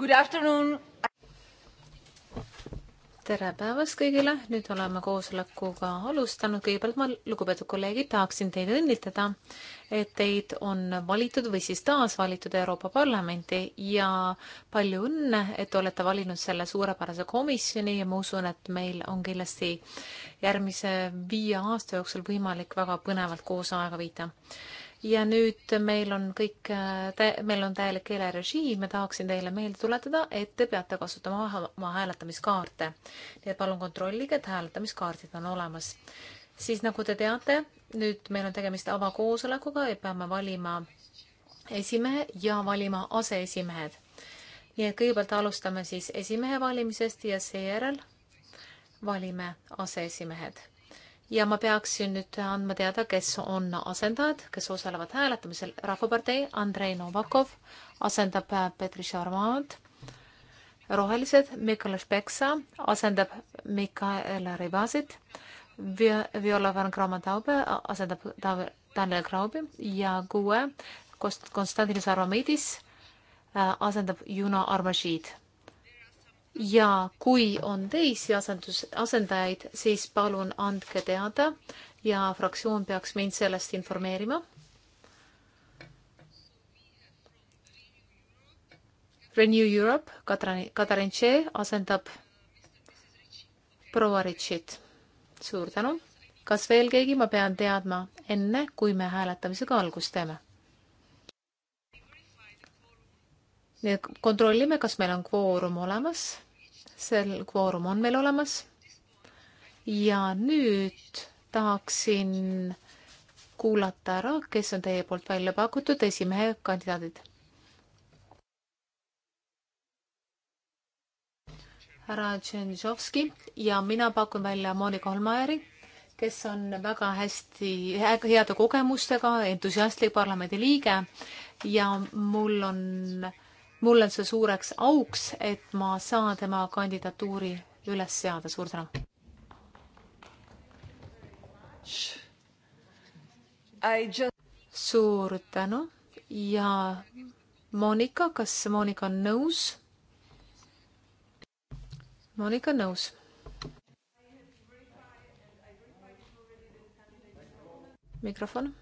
Good afternoon. tere päevast kõigile, nüüd oleme koosolekuga alustanud, kõigepealt ma, lugupeetud kolleegid, tahaksin teid õnnitleda, et teid on valitud või siis taas valitud Euroopa Parlamenti ja palju õnne, et olete valinud selle suurepärase komisjoni ja ma usun, et meil on kindlasti järgmise viie aasta jooksul võimalik väga põnevalt koos aega viita ja nüüd meil on kõik, äh, meil on täielik keelerežiim ja tahaksin teile meelde tuletada, et te peate kasutama oma hääletamiskaarte. nii et palun kontrollige, et hääletamiskaardid on olemas. siis nagu te teate, nüüd meil on tegemist avakoosolekuga ja peame valima esimehe ja valima aseesimehed. nii et kõigepealt alustame siis esimehe valimisest ja seejärel valime aseesimehed ja ma peaksin nüüd andma teada, kes on asendajad, kes osalevad hääletamisel. Rahvapartei Andrei Novakov asendab äh, Petri Šarmaad. rohelised Mikolas Peksa asendab Mikael Ribasit. Viola van Kramataube asendab Daniel Graubi ja kuue Konstantin Sarvamidis äh, asendab Juno Armažid ja kui on teisi asendus, asendajaid, siis palun andke teada ja fraktsioon peaks mind sellest informeerima. Renew Europe, Katrin, Katarin Tšee asendab proua Ritšit. suur tänu. kas veel keegi, ma pean teadma enne, kui me hääletamisega algust teeme? nii et kontrollime, kas meil on kvoorum olemas sel kvoorum on meil olemas. ja nüüd tahaksin kuulata ära, kes on teie poolt välja pakutud esimehe kandidaadid. härra Tšentšovski ja mina pakun välja Monika Holmajärvi, kes on väga hästi, heade kogemustega, entusiastlik parlamendiliige ja mul on äh, mul on see suureks auks, et ma saan tema kandidatuuri üles seada, suur tänu. Just... suur tänu ja Monika, kas Monika on nõus? Monika on nõus. mikrofon.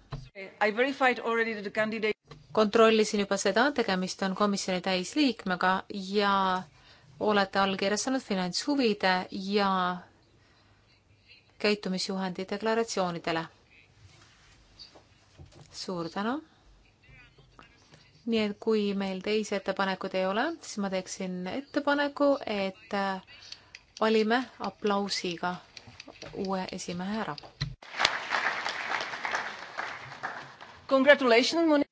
I verified already the candidate kontrollisin juba seda, tegemist on komisjoni täisliikmega ja olete allkirjastanud finantshuvide ja käitumisjuhendi deklaratsioonidele. suur tänu. nii et kui meil teisi ettepanekuid ei ole, siis ma teeksin ettepaneku, et valime aplausiga uue esimehe ära. Congratulations, Moni-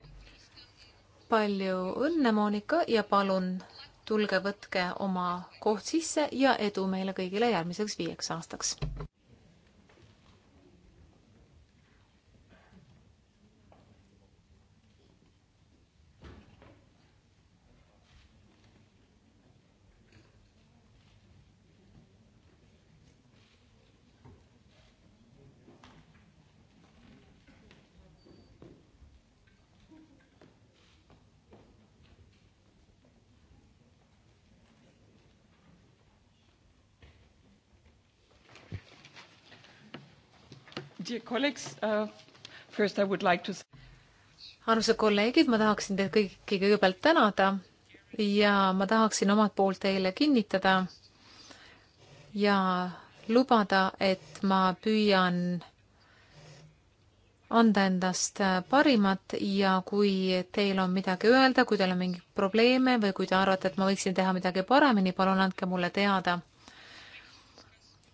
palju õnne, Monika, ja palun tulge, võtke oma koht sisse ja edu meile kõigile järgmiseks viieks aastaks! Dear colleagues, uh, first I would like to armsad kolleegid, ma tahaksin teid kõiki kõigepealt tänada ja ma tahaksin omalt poolt teile kinnitada ja lubada, et ma püüan anda endast parimat ja kui teil on midagi öelda, kui teil on mingeid probleeme või kui te arvate, et ma võiksin teha midagi paremini, palun andke mulle teada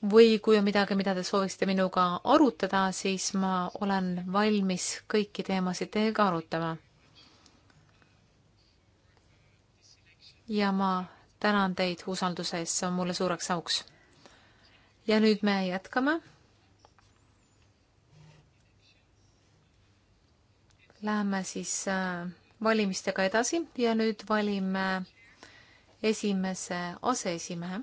või kui on midagi, mida te sooviksite minuga arutada, siis ma olen valmis kõiki teemasid teiega arutama. ja ma tänan teid usalduse eest, see on mulle suureks auks. ja nüüd me jätkame. Läheme siis äh, valimistega edasi ja nüüd valime esimese aseesimehe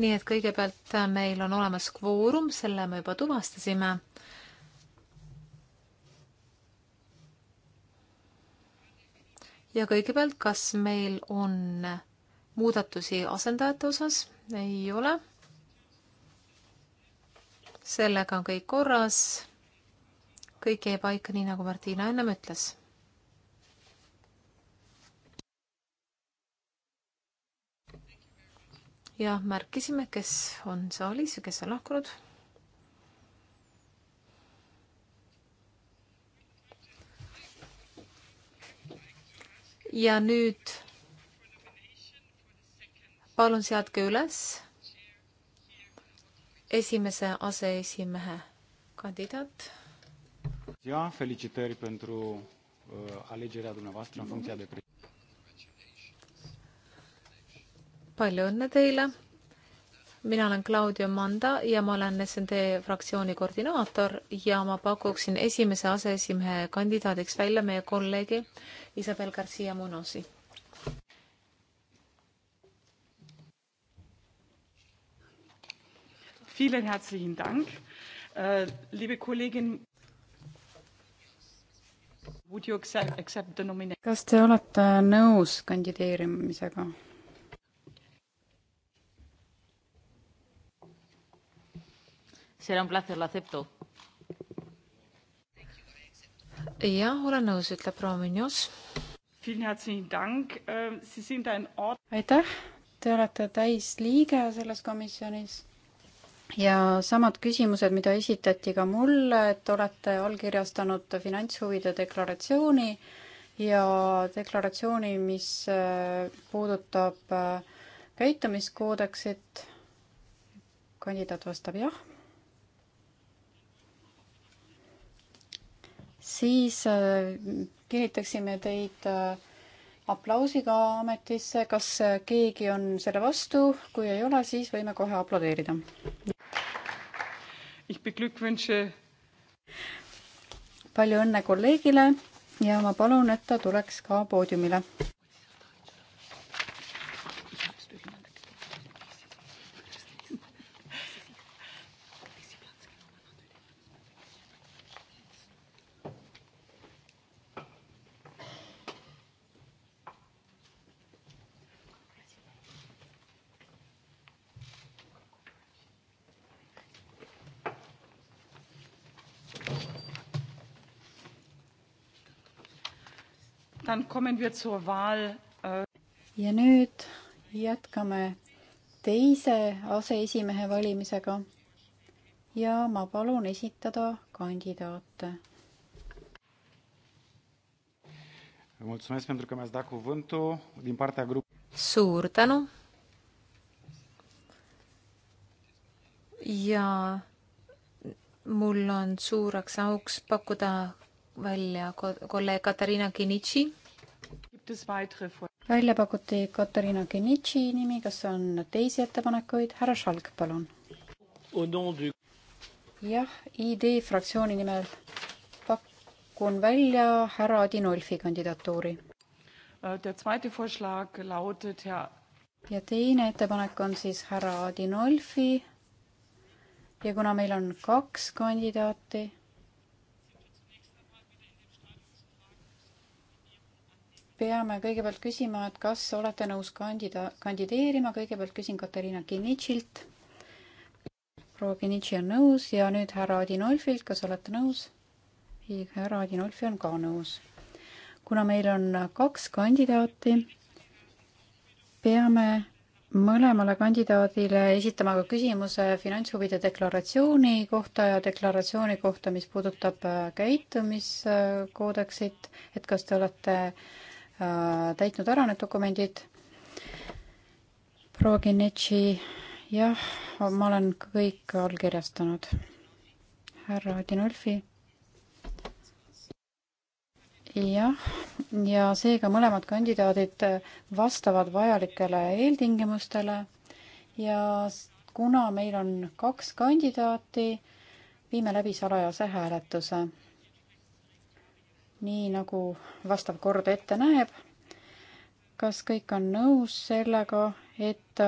nii et kõigepealt äh, meil on olemas kvoorum, selle me juba tuvastasime. ja kõigepealt, kas meil on muudatusi asendajate osas? ei ole. sellega on kõik korras. kõik jäi paika nii, nagu Martina ennem ütles ja märkisime, kes on saalis ja kes on lahkunud. ja nüüd palun seadke üles esimese aseesimehe kandidaat. ja felicitări pentru uh, alegerea dumneavoastră în funcția de palju õnne teile. mina olen Claudio Manda ja ma olen SND fraktsiooni koordinaator ja ma pakuksin esimese aseesimehe kandidaadiks välja meie kolleegi Isabel Garcia Munosi Vielen herzlichen Dank. Uh, liebe Kollegin, would you accept, accept the nomination? kas te olete nõus kandideerimisega? Será un placer, lo acepto. jah, olen nõus, ütleb proua Minjus. Ähm, aitäh, te olete täisliige selles komisjonis ja samad küsimused, mida esitati ka mulle, et olete allkirjastanud finantshuvide deklaratsiooni ja deklaratsiooni, mis äh, puudutab äh, käitumiskoodeksit. kandidaat vastab jah siis äh, kinnitaksime teid äh, aplausiga ametisse. kas äh, keegi on selle vastu? kui ei ole, siis võime kohe aplodeerida. palju õnne kolleegile ja ma palun, et ta tuleks ka poodiumile. Äh, ja nüüd jätkame teise aseesimehe valimisega ja ma palun esitada kandidaate. suur tänu. ja mul on suureks auks pakkuda välja kolleeg Katariina Kinitši. välja pakuti Katariina Kinitši nimi, kas on teisi ettepanekuid? härra Šalk, palun. jah, ID fraktsiooni nimel pakun välja härra Adinolfi kandidatuuri. Äh, ja teine ettepanek on siis härra Adinolfi. ja kuna meil on kaks kandidaati peame kõigepealt küsima, et kas olete nõus kandida-, kandideerima, kõigepealt küsin Katariina Kinnitšilt. proua Kinnitši on nõus ja nüüd härra Adinolfilt, kas olete nõus? härra Adinolfi on ka nõus. kuna meil on kaks kandidaati, peame mõlemale kandidaadile esitama ka küsimuse finantshuvide deklaratsiooni kohta ja deklaratsiooni kohta, mis puudutab käitumiskoodeksit, et kas te olete äh, Äh, täitnud ära need dokumendid. proua Kinnitši, jah, ma olen kõik allkirjastanud. härra Odinolfi. jah, ja seega mõlemad kandidaadid vastavad vajalikele eeltingimustele ja kuna meil on kaks kandidaati, viime läbi salajase hääletuse nii nagu vastav kord ette näeb. kas kõik on nõus sellega, et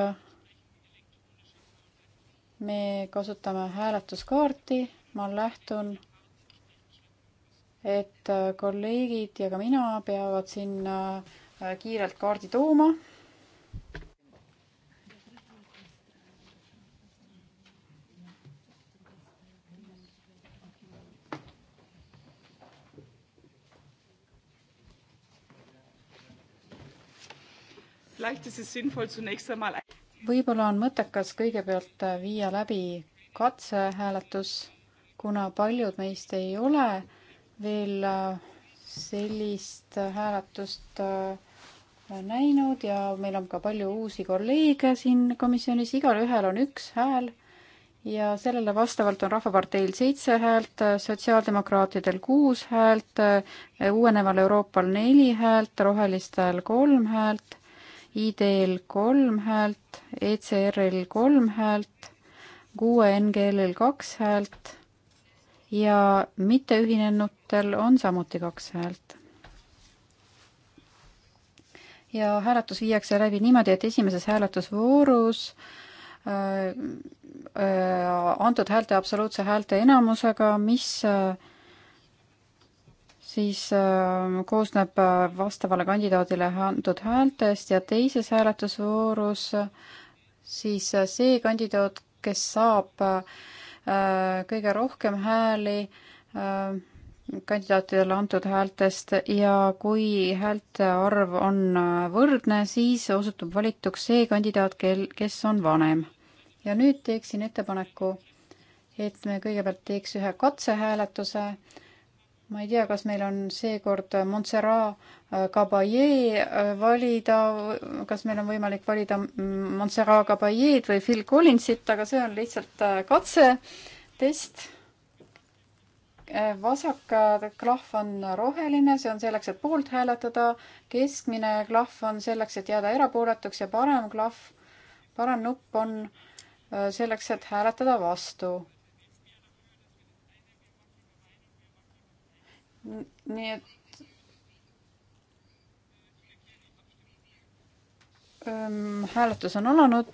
me kasutame hääletuskaarti, ma lähtun, et kolleegid ja ka mina peavad sinna kiirelt kaardi tooma võib-olla on mõttekas kõigepealt äh, viia läbi katsehääletus, kuna paljud meist ei ole veel äh, sellist äh, hääletust näinud ja meil on ka palju uusi kolleege siin komisjonis, igalühel on üks hääl ja sellele vastavalt on Rahvaparteil seitse häält, sotsiaaldemokraatidel kuus häält, uueneval Euroopal neli häält, rohelistel kolm häält ID-l kolm häält, ECR-il kolm häält, kuue NGL-il kaks häält ja mitteühinenutel on samuti kaks häält. ja hääletus viiakse läbi niimoodi, et esimeses hääletusvoorus äh, äh, antud häälte absoluutse häälte enamusega, mis äh, siis ähm, koosneb äh, vastavale kandidaadile antud häältest ja teises hääletusvoorus siis äh, see kandidaat, kes saab äh, kõige rohkem hääli kandidaatidele antud häältest ja kui häälte arv on võrdne, siis osutub valituks see kandidaat, kel, kes on vanem. ja nüüd teeksin ettepaneku, et me kõigepealt teeks ühe katsehääletuse äh, ma ei tea, kas meil on seekord Montserrat Caballé äh, valida, kas meil on võimalik valida Montserrat Caballét või Phil Collinsit, aga see on lihtsalt äh, katse, test. Äh, vasak klahv on roheline, see on selleks, et poolt hääletada, keskmine klahv on selleks, et jääda erapooletuks ja parem klahv, parem nupp on selleks, et hääletada vastu nii et ähm, hääletus on alanud.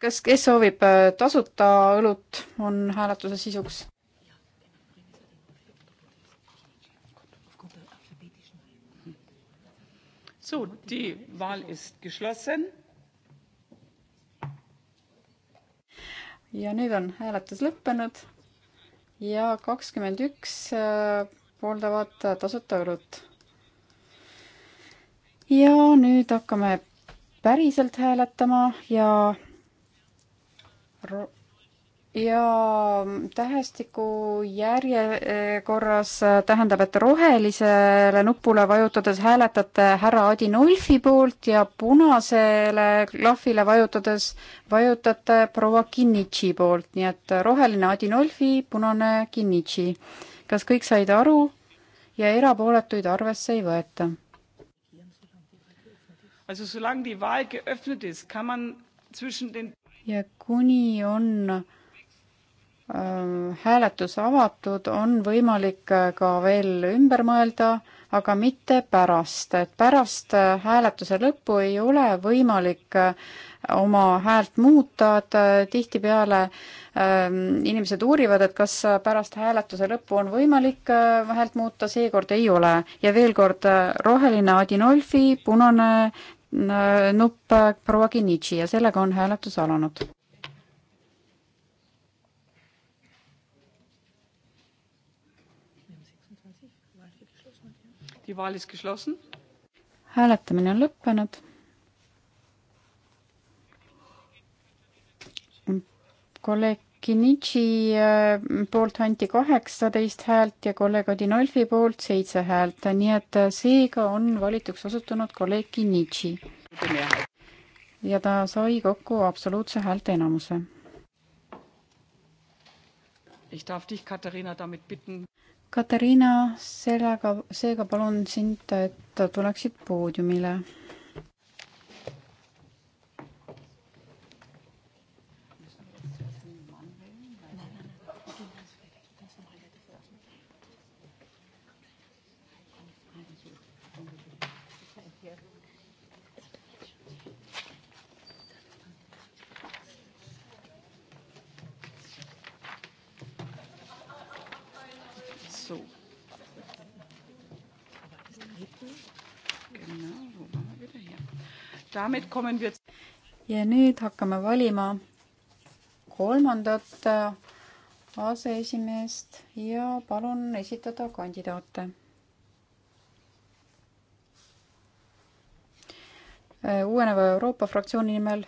kas, kes soovib äh, tasuta õlut, on hääletuse sisuks? So, die Wahl ist geschlossen. ja nüüd on hääletus lõppenud ja kakskümmend üks äh, pooldavad äh, tasuta õlut. ja nüüd hakkame päriselt hääletama ja ja tähestiku järjekorras tähendab, et rohelisele nupule vajutades hääletate härra Adinolfi poolt ja punasele klahvile vajutades vajutate proua Kinnitši poolt, nii et roheline Adinolfi, punane Kinnitši. kas kõik said aru ja erapooletuid arvesse ei võeta? Also solange die Wahl geöffnet ist, kann man zwischen den ja kuni on Äh, hääletus avatud, on võimalik äh, ka veel ümber mõelda, aga mitte pärast, et pärast äh, hääletuse lõppu ei ole võimalik oma häält muuta, et tihtipeale ähm, inimesed uurivad, et kas pärast hääletuse lõppu on võimalik häält muuta, seekord ei ole. ja veel kord, roheline Adinolfi, punane nupp proua Kinnitši ja sellega on hääletus alanud. hääletamine on lõppenud. kolleeg Kinnitši äh, poolt anti kaheksateist häält ja kolleeg Odinolfi poolt seitse häält, nii et äh, seega on valituks osutunud kolleeg Kinnitši. ja ta sai kokku absoluutse häälteenamuse. Katariina, sellega, seega palun sind, et tuleksid poodiumile. ja nüüd hakkame valima kolmandat äh, aseesimeest ja palun esitada kandidaate. Äh, uueneva Euroopa fraktsiooni nimel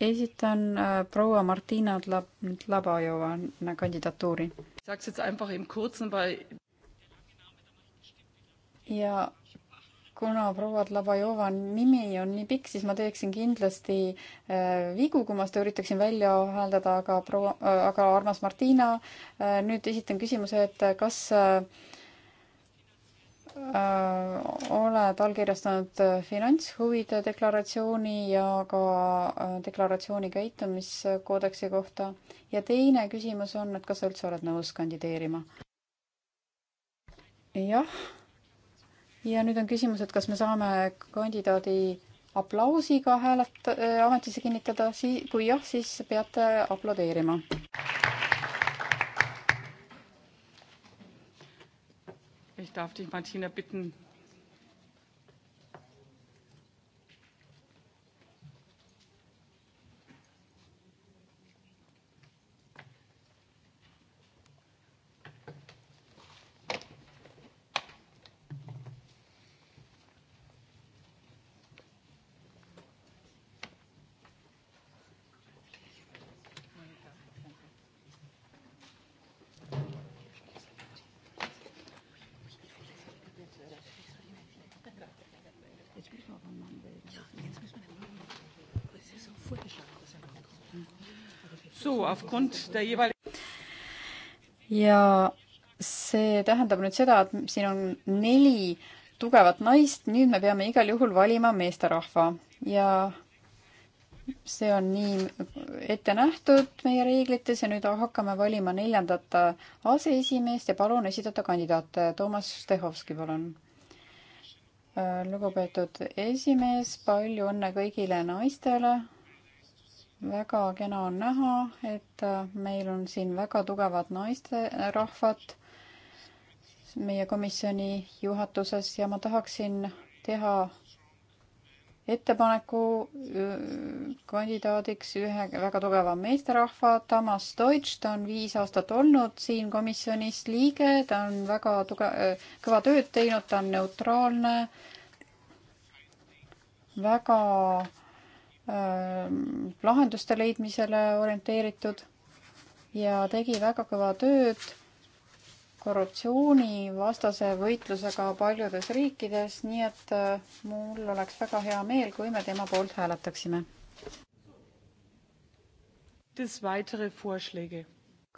esitan äh, proua Martina Dlabajova kandidatuuri. ja kuna proua Dlabajova nimi on nii pikk, siis ma teeksin kindlasti äh, vigu, kui ma seda üritaksin välja hääldada, aga proua äh,, aga armas Martina äh,, nüüd esitan küsimuse, et kas äh, äh, oled allkirjastanud äh, finantshuvide deklaratsiooni ja ka deklaratsiooni käitumiskoodeksi kohta. ja teine küsimus on, et kas sa üldse oled nõus kandideerima? jah ja nüüd on küsimus, et kas me saame kandidaadi aplausiga häälet- äh,, ametisse kinnitada, sii-, kui jah, siis peate aplodeerima. Ich darf dich, Martina, bitten, ja see tähendab nüüd seda, et siin on neli tugevat naist, nüüd me peame igal juhul valima meesterahva ja see on nii ette nähtud meie reeglites ja nüüd hakkame valima neljandat aseesimeest ja palun esitada kandidaate. Toomas Stehovski, palun Äh, lugupeetud esimees, palju õnne kõigile naistele. väga kena on näha, et äh, meil on siin väga tugevad naisterahvad meie komisjoni juhatuses ja ma tahaksin teha ettepaneku kandidaadiks ühe väga tugeva meesterahva, Tamas Deutsch, ta on viis aastat olnud siin komisjonis liige, ta on väga tuge-, kõva tööd teinud, ta on neutraalne, väga äh, lahenduste leidmisele orienteeritud ja tegi väga kõva tööd korruptsioonivastase võitlusega paljudes riikides, nii et äh, mul oleks väga hea meel, kui me tema poolt hääletaksime.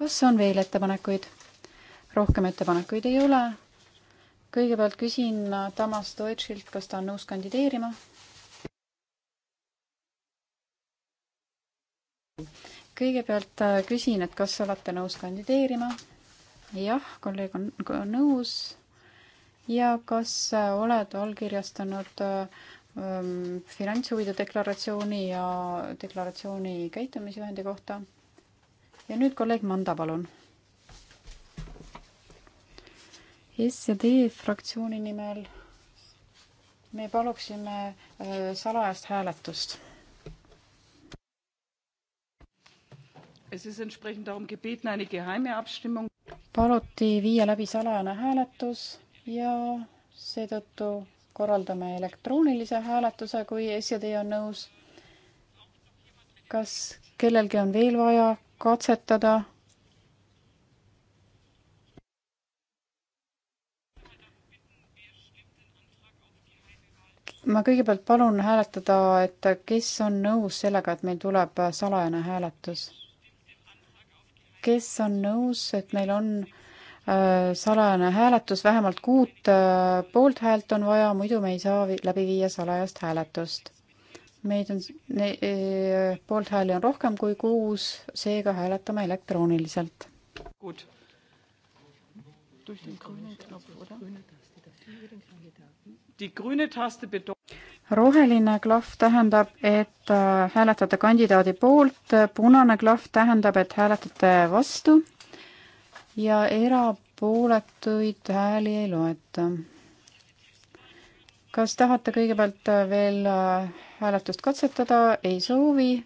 kas on veel ettepanekuid? rohkem ettepanekuid ei ole. kõigepealt küsin Tamas Deutschilt, kas ta on nõus kandideerima? kõigepealt äh, küsin, et kas olete nõus kandideerima? jah, kolleeg on nõus. ja kas äh, oled allkirjastanud ähm, finantshuvide deklaratsiooni ja deklaratsiooni käitumisjuhendi kohta? ja nüüd kolleeg Manda, palun. S ja D fraktsiooni nimel me paluksime äh, salajast hääletust es ist entsprechend darum gebeten eine geheime abstimmung paluti viia läbi salajane hääletus ja seetõttu korraldame elektroonilise hääletuse, kui SD on nõus. kas kellelgi on veel vaja katsetada? ma kõigepealt palun hääletada, et kes on nõus sellega, et meil tuleb salajane hääletus kes on nõus, et meil on äh, salajane hääletus, vähemalt kuut äh, poolthäält on vaja, muidu me ei saa läbi viia salajast hääletust. meid on, e, poolthääli on rohkem kui kuus, seega hääletame elektrooniliselt. Die grüne Taste bedeutet roheline klahv tähendab, et äh, hääletate kandidaadi poolt, punane klahv tähendab, et hääletate vastu ja erapooletuid hääli ei loeta. kas tahate kõigepealt äh, veel äh, hääletust katsetada, ei soovi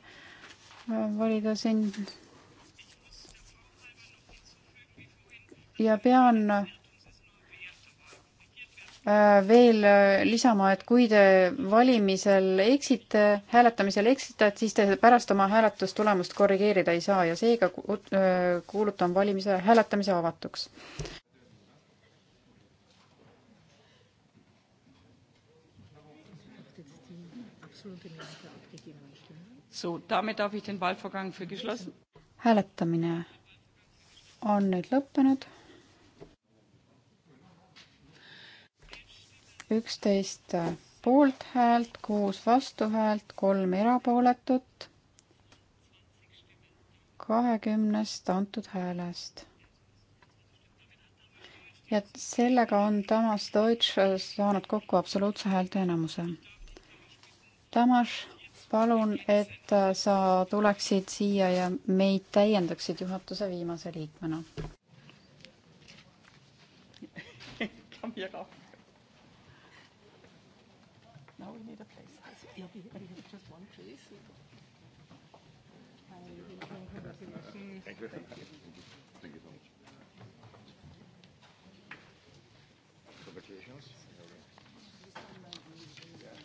valida siin? ja pean Äh, veel äh, lisama, et kui te valimisel eksite, hääletamisel eksite, siis te pärast oma hääletustulemust korrigeerida ei saa ja seega äh, kuulutan valimise hääletamise avatuks. hääletamine on nüüd lõppenud üksteist poolthäält, kuus vastuhäält, kolm erapooletut kahekümnest antud häälest. ja sellega on Tamas Deutsch saanud kokku absoluutse häälteenamuse. Tamas, palun, et sa tuleksid siia ja meid täiendaksid juhatuse viimase liikmena. kann mir auch. Now we need a place. Yeah, we, we have just one place. Congratulations. Thank you. Thank you. Thank you so much. Congratulations.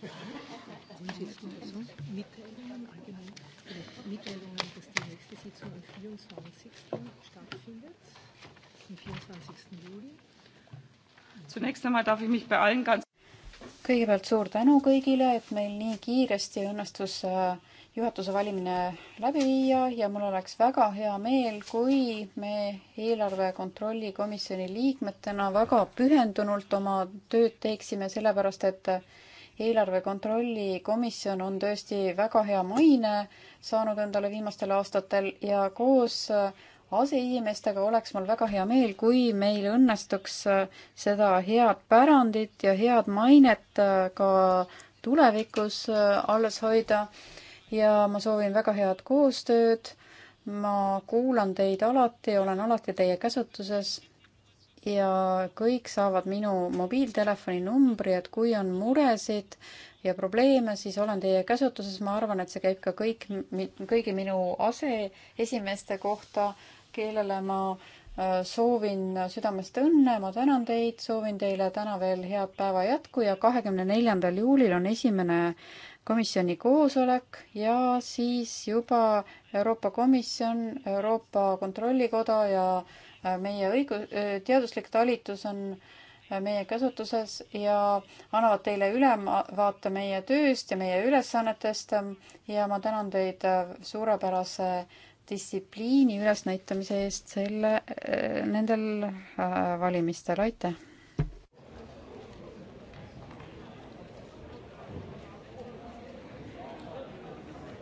Und jetzt mal so Mitteilungen, allgemein Mitteilungen, dass die nächste Sitzung am 24. stattfindet, am 24. Juli. Zunächst einmal darf ich mich bei allen ganz kõigepealt suur tänu kõigile, et meil nii kiiresti õnnestus äh, juhatuse valimine läbi viia ja mul oleks väga hea meel, kui me eelarve kontrolli komisjoni liikmetena väga pühendunult oma tööd teeksime, sellepärast et äh, eelarve kontrolli komisjon on tõesti väga hea maine saanud endale viimastel aastatel ja koos äh, aseesimeestega oleks mul väga hea meel, kui meil õnnestuks äh, seda head pärandit ja head mainet äh, ka tulevikus äh, alles hoida ja ma soovin väga head koostööd. ma kuulan teid alati, olen alati teie käsutuses ja kõik saavad minu mobiiltelefoni numbri, et kui on muresid, ja probleeme, siis olen teie käsutuses, ma arvan, et see käib ka kõik, kõigi minu aseesimeeste kohta, kellele ma äh, soovin südamest õnne, ma tänan teid, soovin teile täna veel head päeva jätku ja kahekümne neljandal juulil on esimene komisjoni koosolek ja siis juba Euroopa Komisjon, Euroopa Kontrollikoda ja äh, meie õigus, teaduslik talitus on äh, meie käsutuses ja annavad teile ülevaate meie tööst ja meie ülesannetest ja ma tänan teid suurepärase distsipliini ülesnäitamise eest selle, äh, nendel äh, valimistel, aitäh!